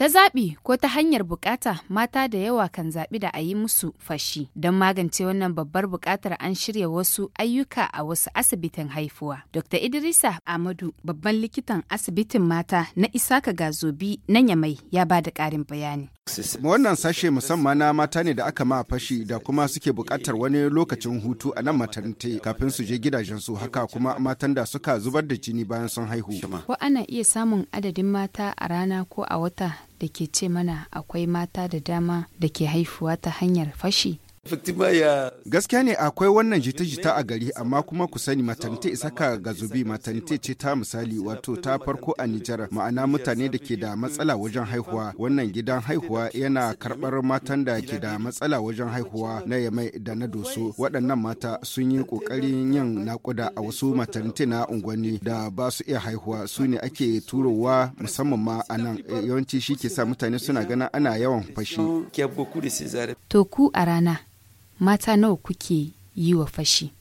Ta zaɓi ko ta hanyar buƙata mata da yawa kan zaɓi da a yi musu fashi. Don magance wannan babbar bukatar an shirya wasu ayyuka a wasu asibitin haifuwa. Dr. Idrisa Amadu, babban likitan asibitin mata na Isaka Gazobi na Nyamai ya ba da ƙarin bayani. Wannan sashe musamman na mata ne da aka ma fashi da kuma suke bukatar wani lokacin hutu a nan matarnte kafin su je gidajen su haka kuma matan da suka zubar da jini bayan sun haihu. Ko ana iya samun adadin mata a rana ko a wata da ke ce mana akwai mata da dama da ke haifuwa ta hanyar fashi? Gaskiya ne akwai wannan jita-jita a gari amma kuma ku sani matanite isaka ga zubi matanite ce ta misali wato ta farko a Nijar ma'ana mutane da ke da matsala wajen haihuwa wannan gidan haihuwa yana karɓar matan da ke da matsala wajen haihuwa na yamai da na doso waɗannan mata sun yi ƙoƙarin yin nakuda a wasu matanite na unguwanni da ba su iya haihuwa su ne ake turowa musamman ma a nan yawanci shi ke sa mutane suna ganin ana yawan fashi. To a rana mata nawa kuke yi wa fashi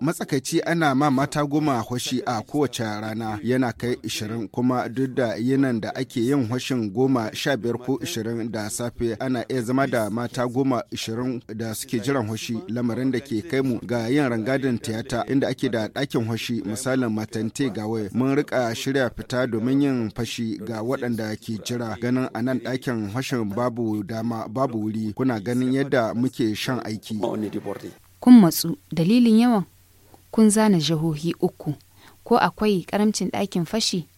Matsakaici ana ma mata goma hoshi a kowace rana yana kai ishirin kuma duk da yinan da ake yin hoshin goma sha biyar ko ishirin da safe ana iya zama da mata goma ishirin da suke jiran hoshi lamarin da ke kai mu ga yin rangadin tiyata inda ake da ɗakin hoshi misalin matante wai mun rika shirya fita domin yin fashi ga waɗanda ke jira ganin a nan ɗakin hoshin babu dama babu wuri kuna ganin yadda muke shan aiki. kun matsu dalilin yawan kun zana jihohi uku ko akwai karamcin ɗakin fashi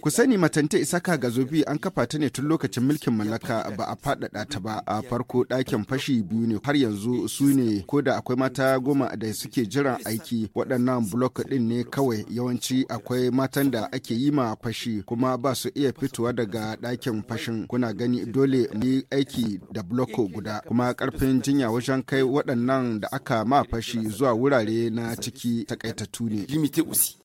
Ku sani matante Isaka zobi an kafa ta ne tun lokacin mulkin mallaka ba a faɗaɗa ta ba a farko ɗakin fashi biyu ne har yanzu su ne ko da akwai mata goma da suke jiran aiki waɗannan blok ɗin ne kawai yawanci akwai matan da ake yi ma fashi kuma ba su iya fitowa daga ɗakin fashin kuna gani dole mu aiki da blok guda kuma ƙarfin jinya wajen kai waɗannan da aka ma fashi zuwa wurare na ciki takaitatu ne.